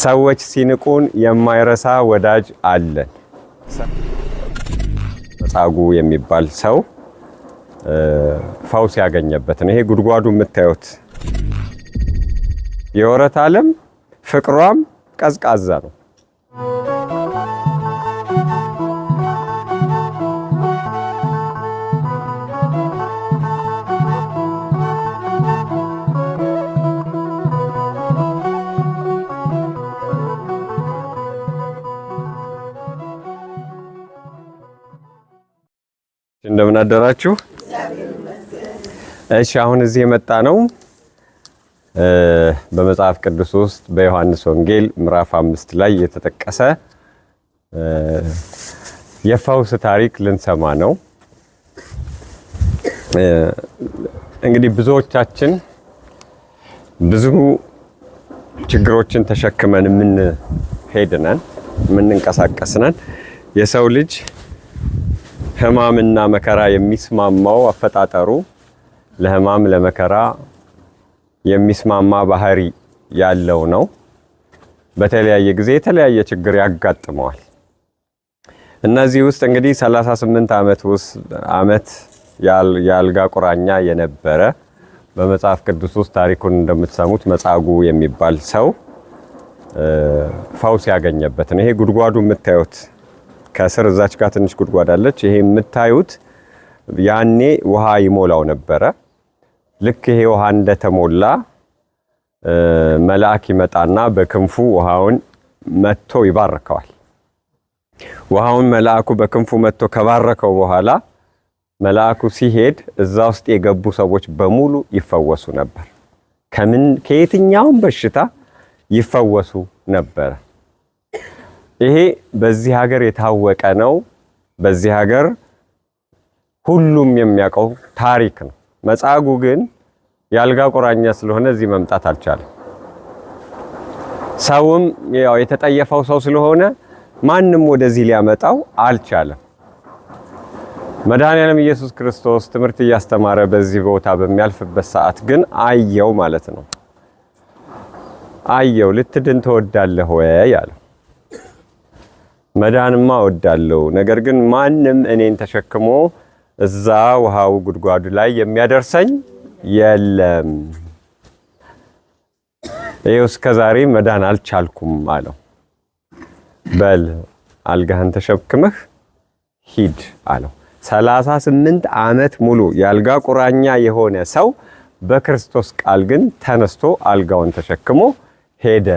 ሰዎች ሲንቁን የማይረሳ ወዳጅ አለን። ጻጉ የሚባል ሰው ፈውስ ያገኘበት ነው። ይሄ ጉድጓዱ የምታዩት የወረት ዓለም ፍቅሯም ቀዝቃዛ ነው። አደራችሁ። እሺ አሁን እዚህ የመጣ ነው በመጽሐፍ ቅዱስ ውስጥ በዮሐንስ ወንጌል ምዕራፍ አምስት ላይ የተጠቀሰ የፈውስ ታሪክ ልንሰማ ነው። እንግዲህ ብዙዎቻችን ብዙ ችግሮችን ተሸክመን የምንሄድ ነን፣ የሰው ልጅ ህማምና መከራ የሚስማማው አፈጣጠሩ ለህማም ለመከራ የሚስማማ ባህሪ ያለው ነው። በተለያየ ጊዜ የተለያየ ችግር ያጋጥመዋል። እነዚህ ውስጥ እንግዲህ 38 ዓመት ውስጥ ዓመት የአልጋ ቁራኛ የነበረ በመጽሐፍ ቅዱስ ውስጥ ታሪኩን እንደምትሰሙት መጻጉዕ የሚባል ሰው ፈውስ ያገኘበት ነው። ይሄ ጉድጓዱ የምታዩት ከስር እዛች ጋር ትንሽ ጉድጓድ አለች። ይሄ የምታዩት ያኔ ውሃ ይሞላው ነበረ። ልክ ይሄ ውሃ እንደተሞላ መልአክ ይመጣና በክንፉ ውሃውን መጥቶ ይባርከዋል። ውሃውን መልአኩ በክንፉ መጥቶ ከባረከው በኋላ መልአኩ ሲሄድ እዛ ውስጥ የገቡ ሰዎች በሙሉ ይፈወሱ ነበር። ከምን ከየትኛውም በሽታ ይፈወሱ ነበረ። ይሄ በዚህ ሀገር የታወቀ ነው። በዚህ ሀገር ሁሉም የሚያውቀው ታሪክ ነው። መጻጉ ግን የአልጋ ቁራኛ ስለሆነ እዚህ መምጣት አልቻለም። ሰውም ያው የተጠየፈው ሰው ስለሆነ ማንም ወደዚህ ሊያመጣው አልቻለም። መድኃኔዓለም ኢየሱስ ክርስቶስ ትምህርት እያስተማረ በዚህ ቦታ በሚያልፍበት ሰዓት ግን አየው ማለት ነው። አየው ልትድን ትወዳለህ ወይ ያለው መዳንማ ወዳለው ነገር ግን ማንም እኔን ተሸክሞ እዛ ውሃው ጉድጓዱ ላይ የሚያደርሰኝ የለም። ይኸው እስከ ዛሬ መዳን አልቻልኩም አለው። በል አልጋህን ተሸክመህ ሂድ አለው። ሰላሳ ስምንት ዓመት ሙሉ የአልጋ ቁራኛ የሆነ ሰው በክርስቶስ ቃል ግን ተነስቶ አልጋውን ተሸክሞ ሄደ።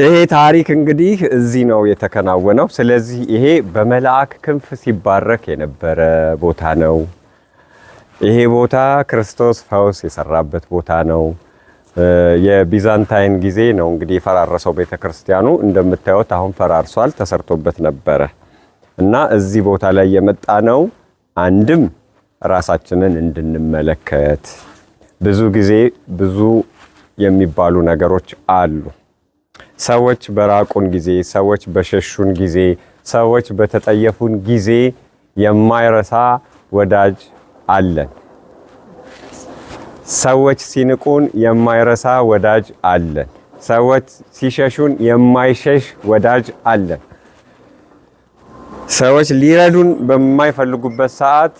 ይሄ ታሪክ እንግዲህ እዚህ ነው የተከናወነው። ስለዚህ ይሄ በመልአክ ክንፍ ሲባረክ የነበረ ቦታ ነው። ይሄ ቦታ ክርስቶስ ፈውስ የሰራበት ቦታ ነው። የቢዛንታይን ጊዜ ነው እንግዲህ የፈራረሰው ቤተ ክርስቲያኑ እንደምታዩት አሁን ፈራርሷል፣ ተሰርቶበት ነበረ እና እዚህ ቦታ ላይ የመጣ ነው አንድም ራሳችንን እንድንመለከት ብዙ ጊዜ ብዙ የሚባሉ ነገሮች አሉ ሰዎች በራቁን ጊዜ፣ ሰዎች በሸሹን ጊዜ፣ ሰዎች በተጠየፉን ጊዜ የማይረሳ ወዳጅ አለን። ሰዎች ሲንቁን የማይረሳ ወዳጅ አለን። ሰዎች ሲሸሹን የማይሸሽ ወዳጅ አለን። ሰዎች ሊረዱን በማይፈልጉበት ሰዓት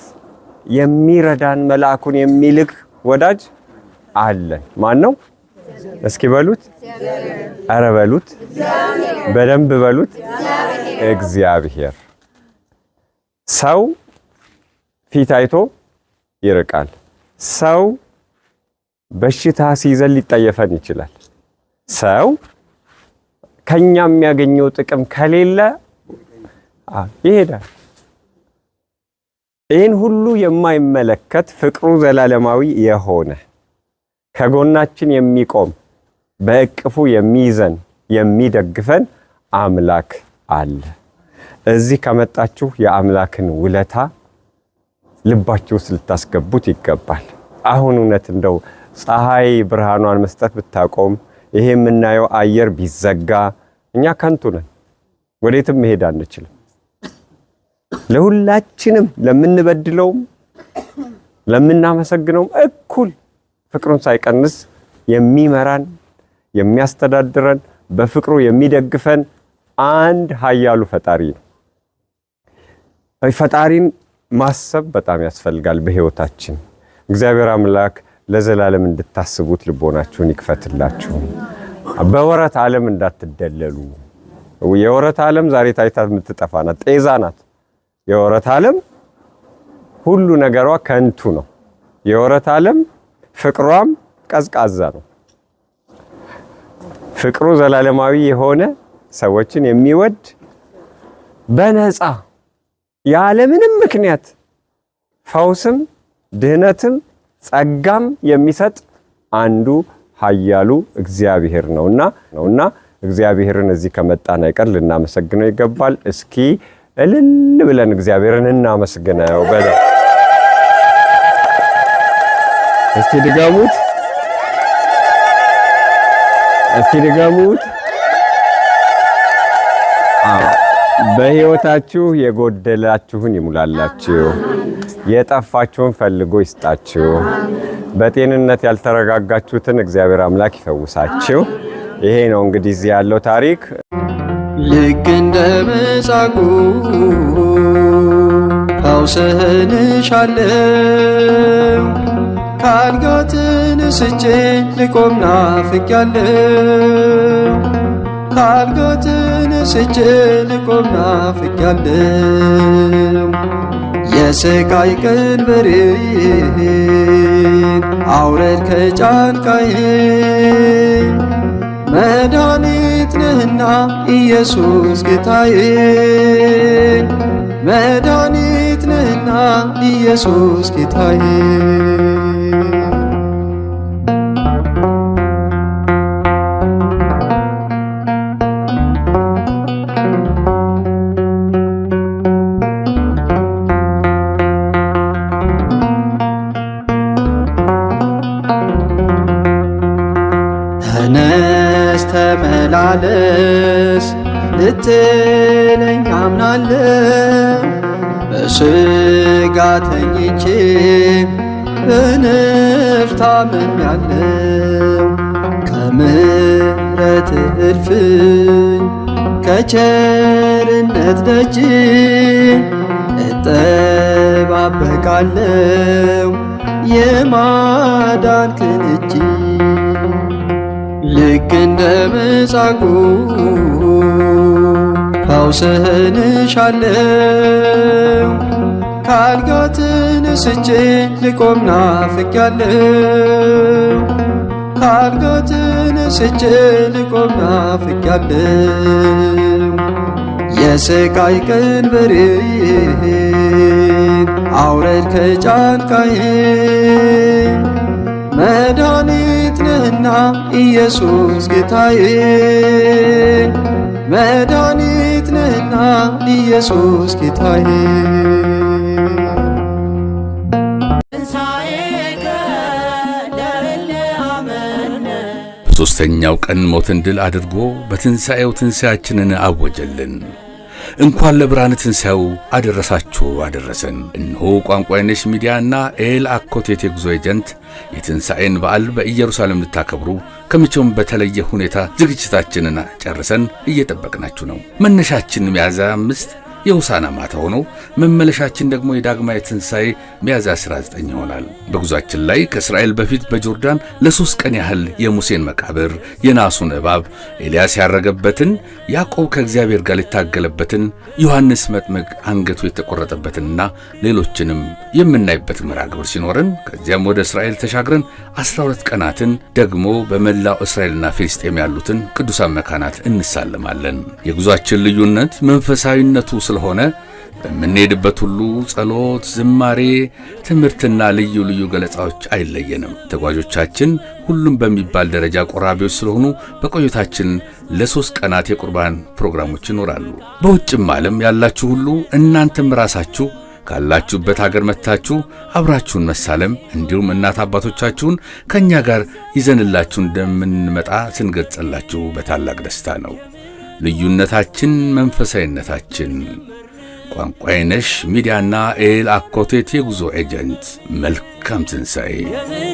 የሚረዳን መልአኩን የሚልክ ወዳጅ አለን። ማን ነው? እስኪ በሉት፣ አረ በሉት፣ በደንብ በሉት። እግዚአብሔር ሰው ፊት አይቶ ይርቃል። ሰው በሽታ ሲይዘን ሊጠየፈን ይችላል። ሰው ከኛ የሚያገኘው ጥቅም ከሌለ ይሄዳል። ይህን ሁሉ የማይመለከት ፍቅሩ ዘላለማዊ የሆነ ከጎናችን የሚቆም በእቅፉ የሚይዘን የሚደግፈን አምላክ አለ። እዚህ ከመጣችሁ የአምላክን ውለታ ልባችሁ ውስጥ ልታስገቡት ይገባል። አሁን እውነት እንደው ፀሐይ ብርሃኗን መስጠት ብታቆም፣ ይሄ የምናየው አየር ቢዘጋ እኛ ከንቱ ነን፣ ወዴትም መሄድ አንችልም። ለሁላችንም ለምንበድለውም ለምናመሰግነውም እኩል ፍቅሩን ሳይቀንስ የሚመራን የሚያስተዳድረን በፍቅሩ የሚደግፈን አንድ ኃያሉ ፈጣሪ ነው። ፈጣሪን ማሰብ በጣም ያስፈልጋል በሕይወታችን። እግዚአብሔር አምላክ ለዘላለም እንድታስቡት ልቦናችሁን ይክፈትላችሁ። በወረት ዓለም እንዳትደለሉ። የወረት ዓለም ዛሬ ታይታ የምትጠፋ ናት፣ ጤዛ ናት። የወረት ዓለም ሁሉ ነገሯ ከንቱ ነው። የወረት ዓለም ፍቅሯም ቀዝቃዛ ነው። ፍቅሩ ዘላለማዊ የሆነ ሰዎችን የሚወድ በነፃ ያለምንም ምክንያት ፈውስም ድህነትም ጸጋም የሚሰጥ አንዱ ኃያሉ እግዚአብሔር ነውና ነውና እግዚአብሔርን እዚህ ከመጣን አይቀር ልናመሰግነው ይገባል። እስኪ እልል ብለን እግዚአብሔርን እናመስግነው በለው። እስቲ ድገሙት። እስኪ ድገሙት። በሕይወታችሁ የጎደላችሁን ይሙላላችሁ። የጠፋችሁን ፈልጎ ይስጣችሁ። በጤንነት ያልተረጋጋችሁትን እግዚአብሔር አምላክ ይፈውሳችሁ። ይሄ ነው እንግዲህ እዚህ ያለው ታሪክ። ልክ እንደ መጻጉዕ ፈውስህን ሻለው ካልጋትን ስቼ ልቆም ናፍቄያለሁ ካልጋትን ስቼ ልቆም ናፍቄያለሁ የስቃይ ቀንበሬን አውረድ ከጫንቃዬ መድኃኒት ነህና ኢየሱስ ጌታዬ መድኃኒት ነህና ኢየሱስ ጌታዬ ተነስ ተመላለስ ልትለኝ አምናለሁ። በስጋ ተኝቼ በንፍታ አምኛለሁ። ከምሕረትህ እልፍኝ ከቸርነት ደጅ እጠባበቃለሁ የማዳንክን እጅ እንደ መጻጉዕ ፈውስህን ሻለው ካልጋ ተነስቼ ልቆም ናፍቄያለሁ ካልጋ ተነስቼ ልቆም ናፍቄያለሁ የስቃይ ቀንበሬን አውረድ ከጫንቃዬ መድኃኒቴ ጌታዬና ኢየሱስ ጌታዬ መድኃኒት ነህና ኢየሱስ ጌታዬ በሦስተኛው ቀን ሞትን ድል አድርጎ በትንሣኤው ትንሣያችንን አወጀልን። እንኳን ለብርሃነ ትንሣኤው አደረሳችሁ አደረሰን። እነሆ ቋንቋ የነሽ ሚዲያና ኤል አኮቴት የጉዞ ኤጀንት የትንሣኤን በዓል በኢየሩሳሌም ልታከብሩ ከመቼውም በተለየ ሁኔታ ዝግጅታችንን ጨርሰን እየጠበቅናችሁ ነው። መነሻችን ሚያዝያ አምስት የሆሳዕና ማታ ሆኖ መመለሻችን ደግሞ የዳግማዊ ትንሣኤ ሚያዝያ 19 ይሆናል። በጉዟችን ላይ ከእስራኤል በፊት በጆርዳን ለሦስት ቀን ያህል የሙሴን መቃብር፣ የናሱን እባብ፣ ኤልያስ ያረገበትን፣ ያዕቆብ ከእግዚአብሔር ጋር ሊታገለበትን፣ ዮሐንስ መጥምቅ አንገቱ የተቆረጠበትንና ሌሎችንም የምናይበት መርሃ ግብር ሲኖረን ከዚያም ወደ እስራኤል ተሻግረን 12 ቀናትን ደግሞ በመላው እስራኤልና ፊልስጤም ያሉትን ቅዱሳን መካናት እንሳለማለን። የጉዟችን ልዩነት መንፈሳዊነቱ ስለሆነ በምንሄድበት ሁሉ ጸሎት፣ ዝማሬ፣ ትምህርትና ልዩ ልዩ ገለጻዎች አይለየንም። ተጓዦቻችን ሁሉም በሚባል ደረጃ ቆራቢዎች ስለሆኑ በቆይታችን ለሶስት ቀናት የቁርባን ፕሮግራሞች ይኖራሉ። በውጭም ዓለም ያላችሁ ሁሉ እናንተም ራሳችሁ ካላችሁበት አገር መጥታችሁ አብራችሁን መሳለም እንዲሁም እናት አባቶቻችሁን ከእኛ ጋር ይዘንላችሁ እንደምንመጣ ስንገልጸላችሁ በታላቅ ደስታ ነው። ልዩነታችን መንፈሳዊነታችን። ቋንቋይነሽ ሚዲያና ኤል አኮቴት የጉዞ ኤጀንት መልካም ትንሣኤ